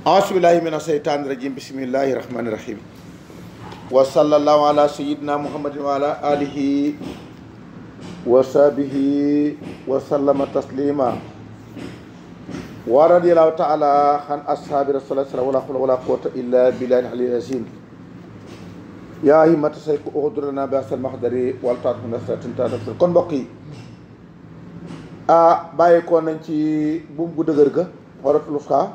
أعوذ بالله من الشيطان الرجيم بسم الله الرحمن الرحيم وصلى الله على سيدنا محمد وعلى آله وصحبه وسلم تسليما ورضي الله تعالى عن أصحاب رسول الله صلى الله عليه وسلم ولا إلا بالله العلي العظيم يا همة سيك أغدرنا بأس المحضر والطاعت من أسرة تنتظر كن بقي أبايكو ننتي بوم بودغرغ ورطل الفخار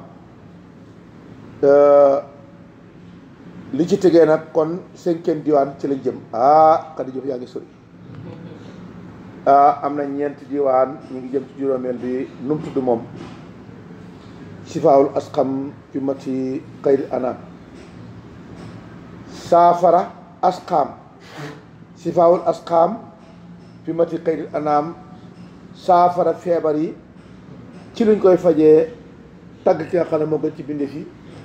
li ci tege nak kon 5e diwan ci la jëm ah kadi Diouf yaangi sori ah amna ñent diwan diwaan ñu ngi jëm ci juróomeel bi num tuddu mom shifaul asqam asxam bi ana safara xayri anam saafara asxaam sifaawul asxaam bi anam safara febari ci luñ koy faje tag ki nga ci fi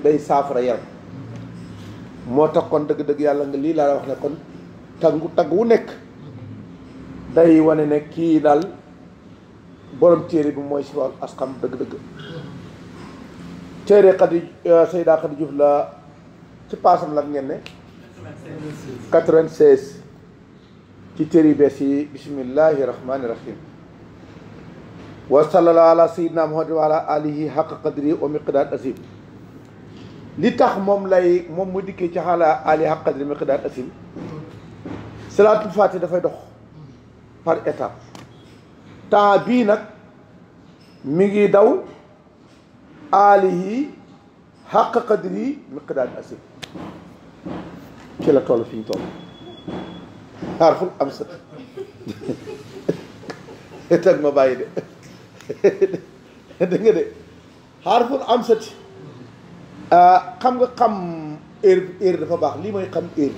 day safara yaram mo tax kon deug deug yalla nga li la wax ne kon taggu tagu wu day wone ne ki dal borom téré bi moy si askam deug deug téré qadi Khady euh, qadi juf la ci passam la ngeen ne 96 ci téré yu bees yi rahim wa sallallahu ala sayyidina muhammad wa ala alihi haqqa qadri wa miqdar azim li tax moom lay moom mu dikkee ci xaala ali haq qadri miqdaar asim salaatul faati dafay dox par étape temps bii nag mi ngi daw alihi haq qadri miqdaar asim ci la toll fi ñu toll xarful am sa tag ma bàyyi de dégg nga de xarful am sati Euh, xam nga xam heure heure dafa baax lii mooy xam heure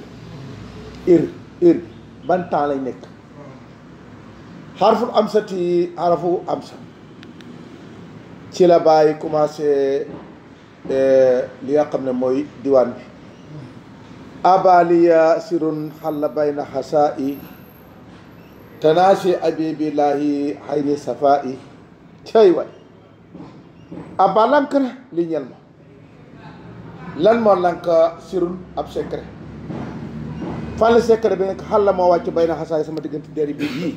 heure heure bi ban temps lay nekk xarful amsati xarfu amsa ci la bàyyi commencé euh, li nga xam ne mooy diwaan bi abaliya sirun xalla bayna xasaa i tanaasi abibillahi xayni safa i cay waay abalankara li ñel ma lan moo lànk sirun ab secret fan la bi nekk xal la moo wàcc bay na xasaay sama diggante deri bi yii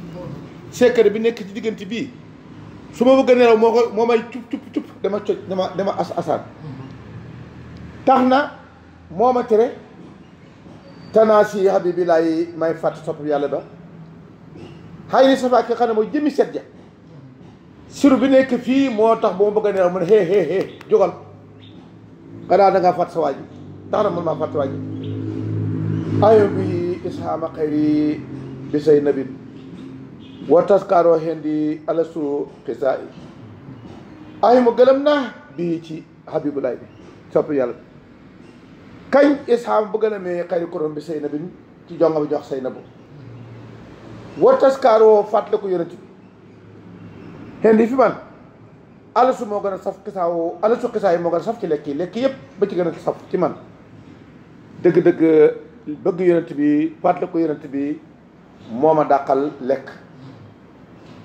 secret bi nekk ci diggante bii su ma bëgg a nelaw moo koy moo dama coj dama dama as asaan tax na moo ma tere tanaasi habibi may fàtt sopp yàlla ba xay ni safaak xam ne mooy jëmi bi nekk fii moo tax bu bëgg a nelaw mu ne hee hee hee jógal xanaa da ngaa fàtt sa waajur tax na mën maa fàtt waajur ayo bi ishaama xayri bi say nabin wa taskaaroo hendi ala su xisaa yi ay mu gëlëm naa bii ci habibulaay bi sopp yàlla bi kañ ishaama bu gëlëmee xayri korom bi say nabin ci jonga bi jox say nabu wa taskaaroo fàttaliku yonent bi hendi fi man alasu moo gën a saf xisaawoo alasu xisaa moo gën a lekk yi lekk yëpp ba ci gën a saf ci man dëgg-dëgg bëgg yonent bi fàttali ko yonent bi moo ma dàqal lekk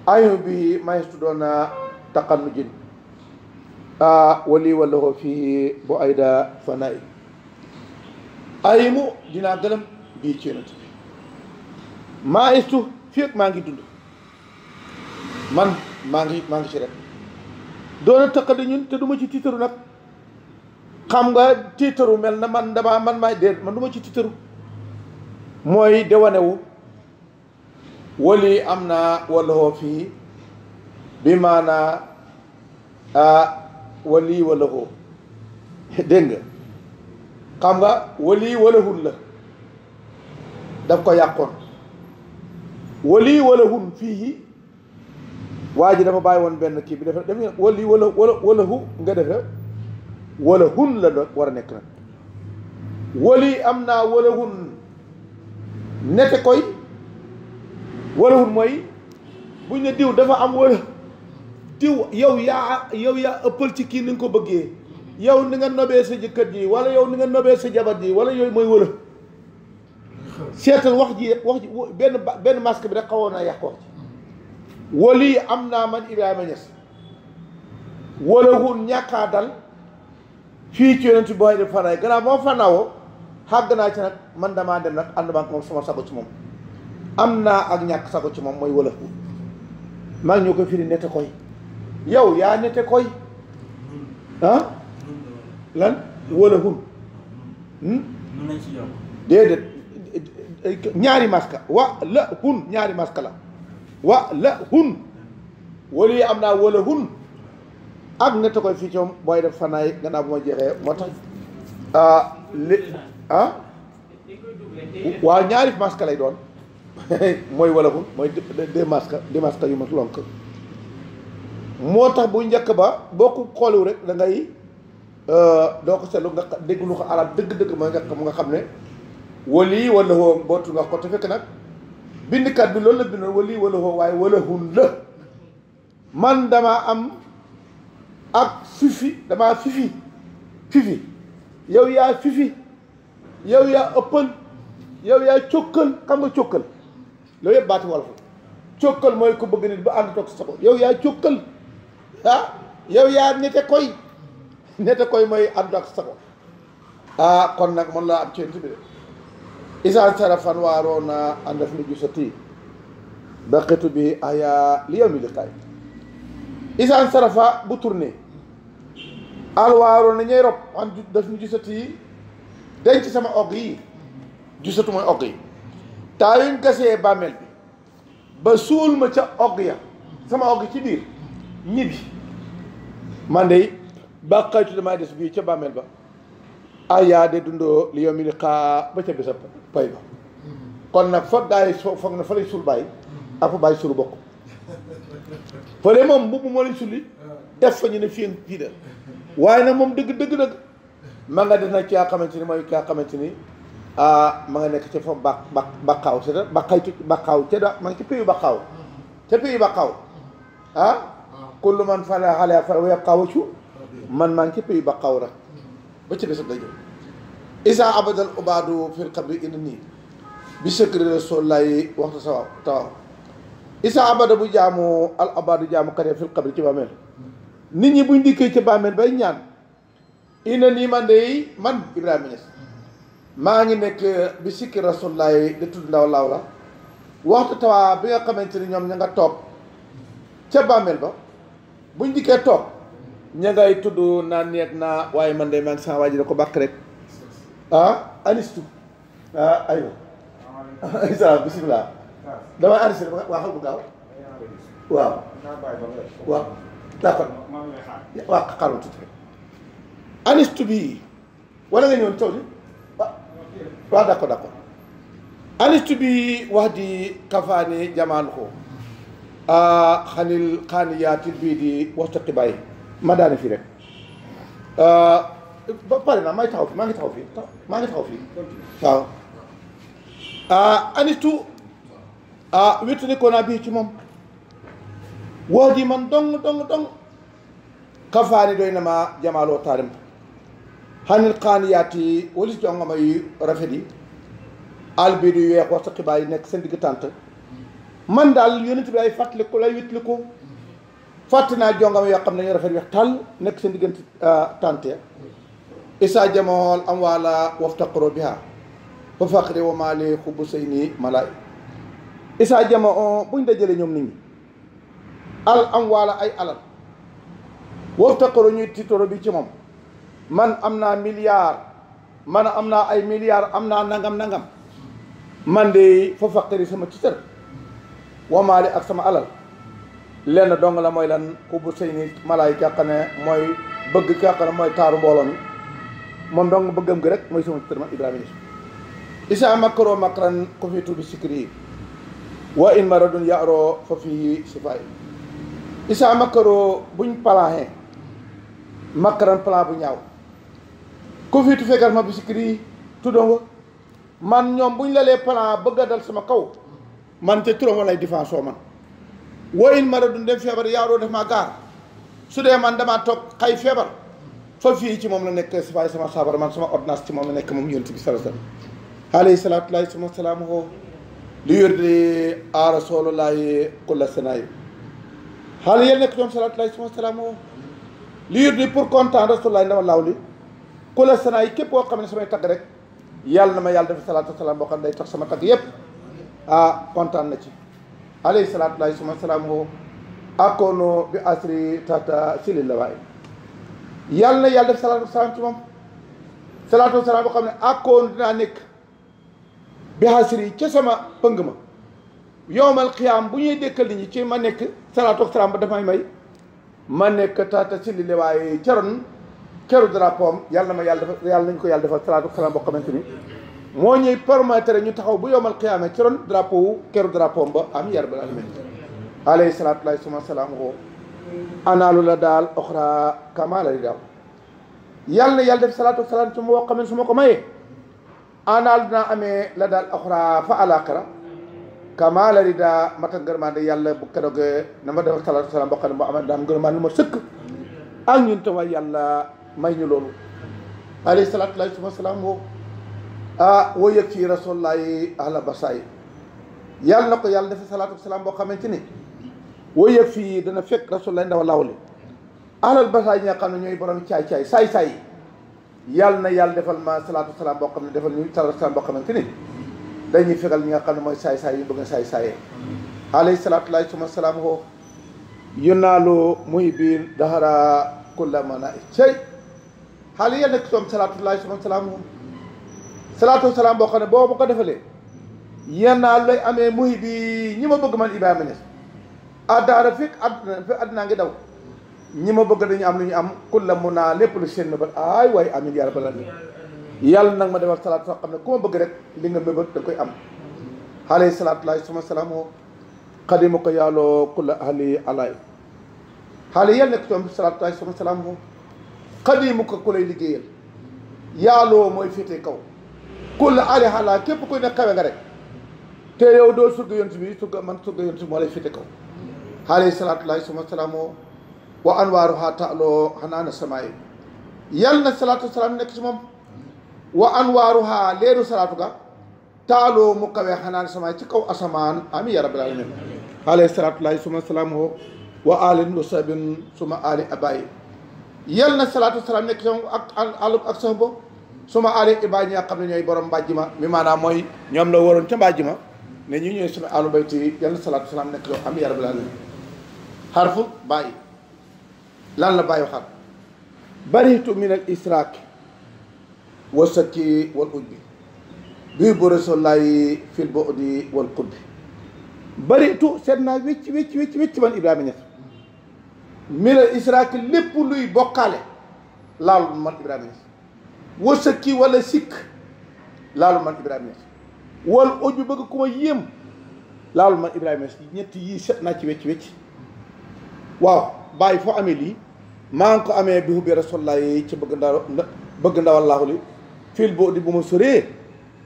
ayo bi mayestu doona taqannu jin a wali fii bu ayda ayimu dinaa gëlëm bii ci yonent bi mayestu fii ak maa ngi dund man maa ngi maa ngi ci rek doona tëqadi ñun te duma ci tiitaru nag xam nga tiitaru mel na man damaa man maay déet man du ci tiitaru mooy dewanewu wali am naa wala fii bi maanaa wali wala hoo dégg nga xam nga wali wala hun la daf ko yàqoon wali wala hun fii waa ji dafa bàyyi woon benn kii bi dafa def ngeen wala wala wala wala hu nga defe wala hun la war a nekk nag wali am naa wala hun nete koy wala hun mooy buñ ne diw dafa am wala diw yow yaa yow yaa ëppal ci kii ni nga ko bëggee yow ni nga nobee sa jëkkër ji wala yow ni nga nobee sa jabar ji wala yooyu mooy wala seetal wax ji wax ji benn benn masque bi rek xawoon naa yàq wax ji wali am naa man Ibrahima Niass wolewul ñàkk a dal fii ci yonent boy di fanaay gannaaw moo fanawo xàgg naa ci nag man dama dem nak and maa moom sama sago ci mom am naa ak ñak sago ci mom mooy wolof ma ñu ngi ko firi nette koy yow ya nete koy ha ah? lan wolewul hmm? dedet ñaari maska wa la hun ñaari maska la waa la hun wala yi am naa wala hun ak nga ta koy fii coom booy def fanaay gannaaw bu ma jeexee moo tax ah, li ah waaw ñaari masque lay doon mooy wala hun mooy deux masques deux masques yu ma lonk moo tax bu njëkk ba boo ko xooliw rek da ngay euh, doo ko seetlu nga déglu ko arab dëgg-dëgg mooy nga mu nga xam ne wali wala woo bootu nga ko fekk nag bindkat bi loolu la bindoon wala lii wala hoo waaye wala hun la man damaa am ak fifi damaa fifi fifi yow yaa fifi yow yaa ëppal yow yaa cokkal xam nga cokkal loolu yëpp baati wolof cokkal mooy ko bëgg nit ba ànd toog sa ko yow yaa cokkal ah yow yaa nete koy nete koy mooy ànd ak sa ko ah, kon nag mën laa am ci bi de isa sarafan waarona a ndef no ƴusati baqitu bi aya li yawmi liqaay isa sarafa bu tourné al waarona ñey rob an def no ƴusati denc sama og yi jusatu mooy og yi taa yuñ gasee bàmmeel bi ba suul ma ca og ya sama og ci biir ñibbi man de bàqaytu damay des bii ca bàmmeel ba ayaa de dundoo li yombi li xaa ba ca bisa pay ba kon nag fa gaa yi foog na fa lay sul bàyyi ak fa bàyyi sulu bokk fële moom mbubb moo lañ sulli def fa ñu ne fii fii da waaye nag moom dëgg dëgg dëgg ma nga def nag ci yaa xamante ni mooy kaa xamante ni ah ma nga nekk ca fa ba ba baqaaw c'est-à-dire baqay baqaaw ca da ma nga ca pays baqaaw ca pays baqaaw ah? ah kullu man fala xale fara yàqaawacu man maa ngi ca pays baqaaw rek ba ci bisab day jëm isa abadal ubaadu fil xabri indi nii bi sëkkri rasul lay waxtu sawaw tawaw isa abada bu jaamu al abadu jaamu kare fil xabri ci bàmmeel nit ñi buñ dikkee ci bàmmeel bay ñaan ina nii man de man Ibrahima Niass maa ngi nekk bi sikki rasul lay di tudd ndaw laaw la waxtu tawaa bi nga xamante ni ñoom ña nga toog ca bàmmeel ba buñ dikkee toog ña ngay tudd naan neeg naa waaye man de maa ngi sama waa ko bàkk rek ah anistu ah aywa isalaam bisimilah damay anistu bi wala nga ñëwoon anistu bi wax di kafaani jamaan ko ah, xanil xaaniyaati bii di waxtu xibaay ma daane fii rek pare naa maa ngi taxaw fi maa ngi taxaw fi maa ngi taxaw fi waaw ah anitu ko naa bii ci moom wax ji man dong dong dong kafaani doy na ma jamaaloo taarim hanil qaaniyaat yi walis jongama yu rafet yi albidu yu weex wax sa xibaar yi nekk seen digg tànt man daal yonent bi ay fàttaliku lay wéttaliku fàtte naa jongama yoo xam ne ñu rafet wex tàll nekk seen diggante euh, tante isaa jamool am waala waftaqro biha fa faqri wa maali xubu sëy nii malaay isaa jamoo buñ dajale ñoom nit ñi al am waala ay alal waftaqro ñuy titoro bi ci moom man am naa milliard man am naa ay milliard am naa nangam nangam man de fa faqri sama titar wa ak sama alal lenn dong la moy lan bu sey ni malaayka xam ne mooy bëgg ki xane moy taru taaru mom dong bëggam gi rek moy sama tërma ibrahim yesu isa makro makran ku fi tubi sikri wa in maradun yaaro fa fi sifaay isa makro buñ palaxee makran pla bu ñaaw ku fi tu fekkal ma bi sikri tuddoo man ñom buñ lé plan bëgg dal sama kaw man te turam lay défense man woyin maradun dem feebar yaaroo def maa gaar su dee man damaa toog xay feebar fa fii ci moom la nekk si waaye sama saabara man sama ordonnance ci moom la nekk moom yonent bi sala sallam alayhi salaatu laahi sama salaam o li yur di a rasulullahi kulla sanaayi xaala yéen nekk ñoom salaatu laahi sama salaam o li yur di pour content rasulullahi ndama laaw li kulla sanaayi képp koo xam ne samay tagg rek yàlla na ma yàlla dafa salaatu salaam boo xam ne day tax sama tagg yépp ah kontaan na ci alayhi salatu salatullahi suma salam ho akono bi asri tata sililla lawai yalla yalla salatu salam mom salatu wasalam o kam ne dina nek bi asri ci sama pëng ma yowmal qiyam bu ñuy dekkal ni ci ma nek salatu wasalam ba dafay may ma nek tata sililla waaye caroon keru drapeau am yàlla ma yalla yalla ñu ko yalla defal salatu wasalam boo xamante ni moo ñuy permettre ñu taxaw bu yowmal qiyaama ci ron drapeau wu keru drapeau am yar bal alamin alayhi salaatu suma salaam woo anaalu la daal oxra kamala di daaw na yàlla def salaatu salaam su ma woo xamen su ma ko mayee anaalu dinaa amee la daal oxra fa alaaxira kamala daa mata ngërmaande yàlla bu keroogee na ma def ak salaatu salaam boo xam ne boo amee may ñu loolu alayhi salaatu suma salaam woo ah woo yëg ci rasulullahi ahla basaay yàlla na ko yàlla dafa salaatu wasalaam boo xamante ni woo yëg fii dana fekk rasulullahi ndaw lawli ahlal basaay ñi xam ne ñooy borom caay-caay saay-saay yàlla na yàlla defal ma salaatu wasalaam boo xam ne defal ñu salaatu wasalaam boo xamante ni dañuy fegal ñi nga xam ne mooy saay-saay yu bëgg a saay-saayee alayhi salaatu laay salaam ko yunaalu muy biir dahara kulla mana cey xaali yal nekk soom salaatu laay suma salaam salaatu wasalaam boo xam ne boo ma ko defalee yan a lay amee muy bi ñi ma bëgg man Ibrahima Niass addaara fekk àdduna fekk àdduna ngi daw ñi ma bëgg dañu am lu ñu am kul mun naa lépp lu seen ba aay waaye amin yàlla balaa ni yàlla nag ma defal salaat soo xam ne ku bëgg rek li nga mébët da koy am alayhi salaatu yàlloo kulla ahli alaay xaale yàlla nekk ci am salaatu salaamu xadimu ko ku lay liggéeyal yàlloo mooy féete kaw kulla alixala képp kuy ne kawe nga rek te yow doo surga yonent bi man surga yonent bi moo lay kaw alayhi salaatullahi suma salaamoo wa anwaaruha taaloo xanaana samaayi yal salaatu salaam nekk ci moom wa anwaaruha leeru salaatu ga taaloo mu kawee xanaana samaayi ci kaw asamaan amin ya rabbil alamin alayhi salaatullahi suma salaamoo wa alin wa sabin suma ali abayi yal salaatu salaam nekk ci moom ak àllub ak sahbo suma alé iba ñi nga xam ne ñooy borom mbàjj ma mi maanaam mooy ñoom la waroon ca mbàjj ma ne ñu ñooy suma alu bayti yi yal na salaatu salaam nekk loo am ya rabbal alamin xarfu bàyyi lan la bàyyi waxaat baritu min al israak wa saki wal ujbi bii bu rasulaay fil bu'di wal qutbi baritu seet naa wécc wécc wécc man Ibrahima Niass min al israak lépp luy bokkaale laal man Ibrahima Niass wërsëg ki walla sikk laalu man Ibrahima Niass wala oju bëgg ku ma yéem laalu man Ibrahima Niass ñett yii set naa ci wecc wecc waaw bàyyi foo amee lii maa ngi ko amee bi hubbi rasulullah ci bëgg ndaw bëgg ndawal laahu li fil boo di bu ma soree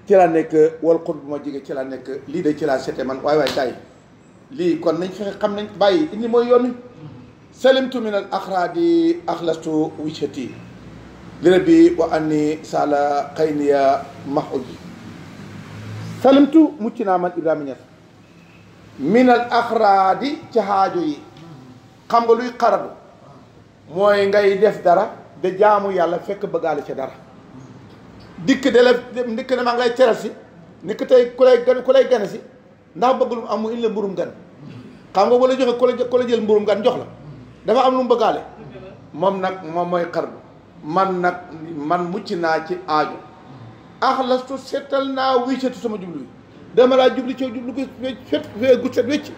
ci laa nekk wal xut bu ma jege ci laa nekk lii de ci laa sete man waay waay tay lii kon nañ fexe xam nañ bàyyi indi mooy yoon wi salimtu min al axraadi axlastu wisati li rabbi wa anni sala xayniya mahuji salimtu mucc naa man Ibrahima Niass minal axraadi ci xaajo yi xam nga luy xaradu mooy ngay def dara da jaamu yàlla fekk bëggaale ci dara dikk de la ndikk ne maa ngi lay teral ni ko tey ku lay gan ku gane si ndax bëgg lu mu am mu indi la mburum gan xam nga wala joxe ku la jël mburum gan jox la dafa am lu mu bëggaale moom nag moom mooy xaradu man nag man mucc naa ci aaju axlastu ah, seetal naa wiisatu sama jublu bi dama laa jubli ci jublu gu set gu set wecc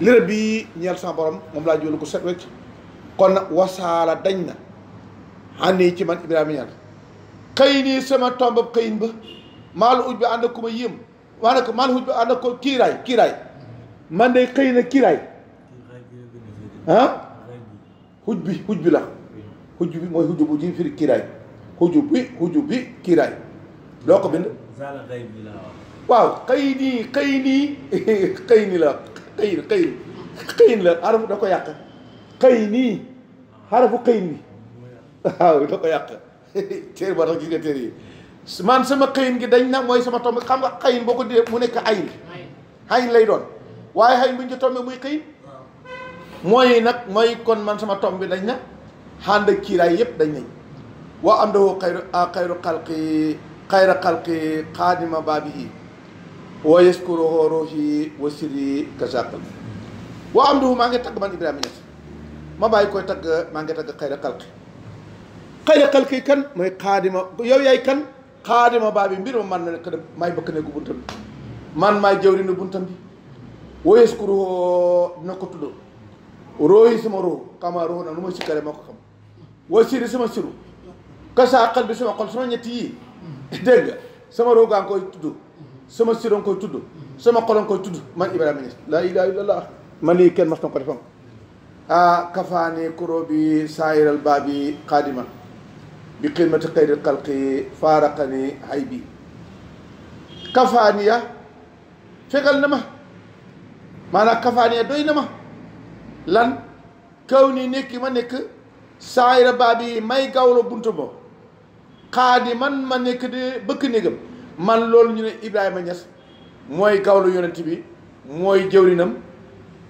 lire bii ñeel sama borom moom laa jublu gu set wecc kon nag wasaala dañ na xanii ci man Ibrahima ñaan xëy nii sama tombab xëyin ba maalu uj bi ànd ak ku ma yéem maanaam maalu uj ba ànd ak ko kiiraay kiiraay man de xëy na kiiraay ah bi xuj bi la xujj bi mooy xujj bu ji firi kiiraay xujj bi xujj bi kiiraay loo ko bind waaw xëy nii xëy la xëy xëy la xarafu da ko yàq xëy nii xarafu xëyin bi waaw da ko yàq man sama xëyin gi dañ nag mooy sama tomb xam nga xëyin boo ko dee mu nekk ayin lay doon waaye xayin bu ñu ci tombee muy xëyin mooy nag mooy kon man sama tomb bi dañ na xànd kiiraay yëpp dañ nañ wa andahu xayru xayru xalqi xayra xalqi xaadima baabi yi wa yaskuruhu ruuhi wa sirri kazaqal maa ngi tagg man Ibrahima Niass ma bàyyi koy tagg maa ngi tagg xayra xalqi xayra xalqi kan mooy xaadima yow kan xaadima baabi mbir ma man na nekk maay bëkk nekku buntam bi man maay jëwrinu buntam bi wa yaskuruhu dina ko tudd ruuhi sama ruux xamaa ruux nag lu moo ko وسيري سما سيرو كاسا اقل بسما قل سما نيتي دغ سما روغان كو تودو سما سيرون كو تودو سما قلون كو تودو مان ابراهيم لا اله الا الله من لي كان مستون كو ا كفاني كروبي سائر الباب قادما بقيمه خير الخلق فارقني هيبي كفاني فقل نما معنى كفاني دوينما لان كوني نيكي ما نيك saayira baab yi may gawlo bunt ba xaadi man ma nekk di bëkk néegam man loolu ñu ne Ibrahima Niass mooy gawlo yonent bi mooy jëwrinam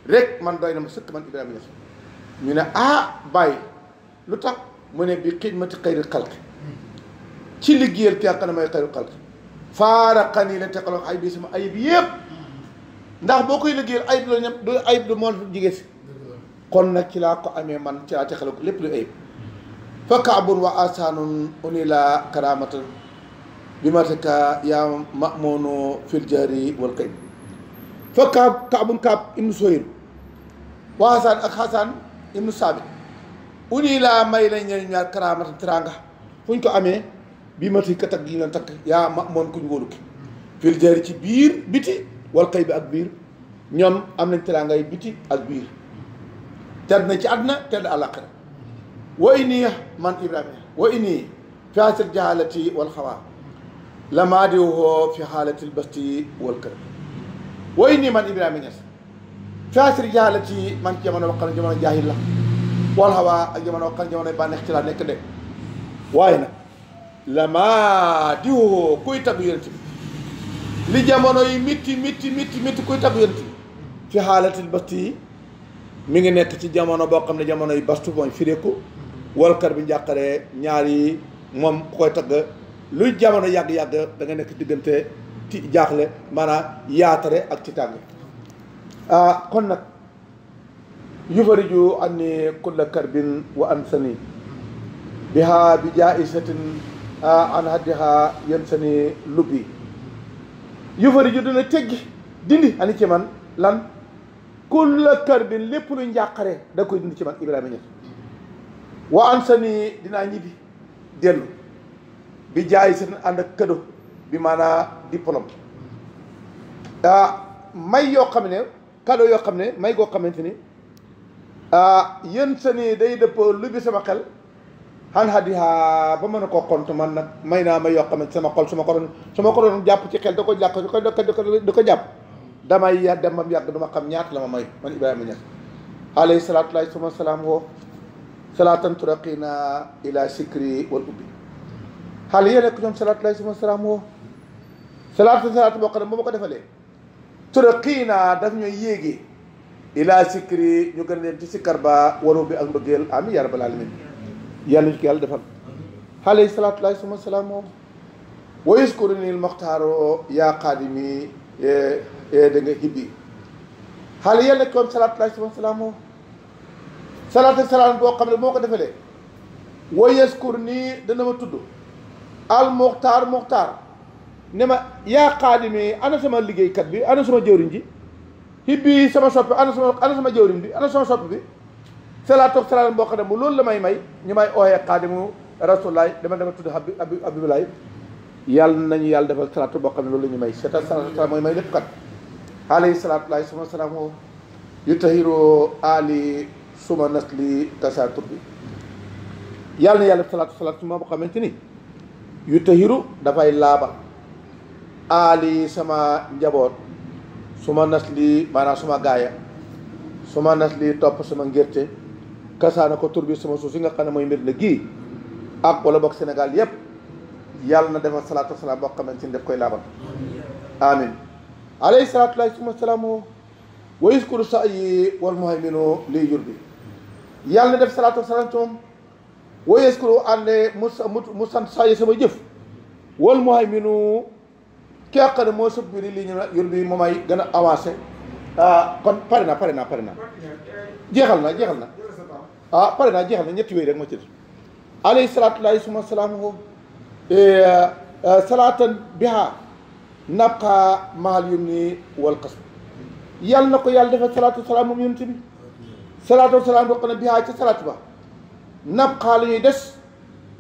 rek man doy na ma sëkk man Ibrahima Niass ñu ne ah bàyyi lu tax mu ne bi xidmati xayri xalqi ci liggéeyal ki ak na may xayri xalqi faaraxan yi la teqaloo ayib yi sama ayib yëpp ndax boo koy liggéeyal ayib la ñam du ayib du moo jige si kon nag ci laa ko amee man ci laa texale ko lépp lu ayib fa kaabun wa asaanun unila karamatan bi mataka yaa mamono fil jari wal kay fa kaab kaabun kaab ibnu soyin may lañ ñaar karamatan teraanga fu ñu ko amee bi mataka takk takk yaa mamoon kuñ wóolu ki fil jari ci biir biti wal bi ak biir ñoom am nañ teraangay biti ak biir tedd na ci àdduna tedd àllaaxira wa inni man ibrahima wa inni fi hasil jahalati wal xawaa la maa di fi xaalati basti wal kër inni man ibrahima ñes fi hasil jahalati man ci jamono waxal jamono jaahil la wal xawaa ak jamono waxal jamono ci laa nekk de waaye nag la maa di kuy tagg yonent bi li jamono yi mitti mitti mitti mitti kuy tagg yonent bi fi xaalati basti mi ngi nekk ci jamono boo xam ne jamono yi bastu mooy fireeku walkar bi njàqaree ñaari moom ku koy tagg luy jamono yàgg-yàgg danga nekk diggante ci jaaxle maanaam yaatare ak ci tàng ah, kon nag yufariju anni kulla karbin wa ansani biha bi jaisatin an haddiha yan sani lubbi yufariju dina teggi dindi ani ci man lan kulla karbin lépp lu njàqare da koy dund ci man Ibrahima Niass wa an sa nii dinaa ñibbi dellu bi jaay seen ànd ak cadeau bi maanaa diplôme ah may yoo xam ne cadeau yoo xam ne may goo xamante ni ah yéen sa nii day dëppoo lu bi sama xel xan hadiha ba mën a ko kont man nag may naa may yoo xam ne sama xol su ma ko doon su ma ko doon jàpp ci xel da ko jàpp da ko da ko jàpp damay ya dem ba mu yàgg duma xam ñaata la ma may man suma salaam woo salaatan turaqina ila sikri wal ubbi xaal yéen rek ñoom salaatu suma salaam woo salaatu salaatu boo xam ne bu ma ko defalee turaqina daf ñooy yéegee ila sikri ñu gën leen ak mbëggeel amin yaa rabbal alamin yàlla ñu ko yàlla defal salaam woo wa yuskuruni al muxtaaro yaa xaadimi eh, Eh, dengan Hindi. xaalis yàlla nekk comme salaatu laay wa salaam moom salaatu salaam boo xam ne moo ko defalee woyees kur nii dana ma tudd al moxtaar moxtaar ne ma yaa xaadimi ana sama kat bi ana sama jëwriñ ji hibbi sama soppi ana sama ana sama jëwriñ bi ana sama soppi bi salaatu ak salaam boo xam ne mu loolu la may may ñu may ooyee xaadimu rasulaay dama dama tudd abi abi abibulaay yàlla nañu yàlla defal salaatu boo xam ne loolu la ñu may c'est-à-dire salaatu salaam mooy may lépp kat alayhi salaatulahi suma salaam o yu tahiro ali suma nasli tasatur bi yàlla na yàlla salaatu salaat suma boo xamante ni yu tahiru dafay laabal aali sama njaboot suma nasli maanaam suma gaaya suma nasli topp suma ngirte kasaana ko tur suma suuf si nga xam ne mooy mbir la gii ak wala bokk Sénégal yëpp yàlla na defal salaatu salaam boo xamante ni daf koy laabal amin alayhi salaatu laay suma salaamu wa yuskuru sa yi wal muhayminu liy jur bi yàlla na def salaatu wa salaam ci moom wa yuskuru ànd mu mu sant sa yi sama jëf wal muhayminu ki nga xam ne moo sëb biir lii ñu ne yor bii moom ay gën a avancé ah kon pare naa pare naa pare naa jeexal na jeexal na ah pare naa jeexal na ñetti wéy rek moo ci def alayhi salaatu laay suma eh, eh, salaamu salaatan biha nabqa maal yumni wal qasb yàlla na ko yàlla defal salaatu wasalaam moom yonent bi salaatu wasalaam bokk na bihaa ca salaat ba nabqa la ñuy des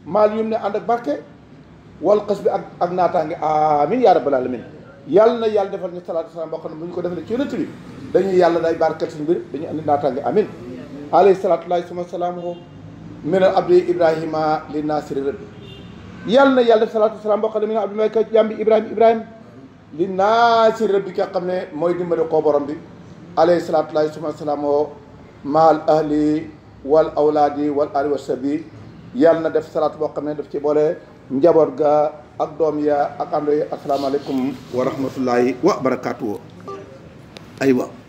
maal yumni ànd ak barke wal qasb bi ak ak naataange amin yaa rabbal alamin yàlla na yàlla defal ñu salaatu wasalaam bokk na bu ñu ko defee ci yonent bi dañuy yàlla day barkeel suñu mbir dañuy andi naataange amin alayhi salaatu laay suma salaamuhu min al abdi ibrahima li naasiri rabbi yàlla na yàlla def salaatu wasalaam bokk na min abdi may ka jàmbi ibrahima ibrahima li naasir rabbi nga xam ne mooy dimbali ko borom bi alayhi salaatu lahi suma salaam o maal ahli wal awlaadi wal ali wa sabi yàlla na def salaatu boo xam ne daf ci boole njaboot ga ak doom ya ak àndo yi asalaamaaleykum wa rahmatullahi wa barakaatu aywa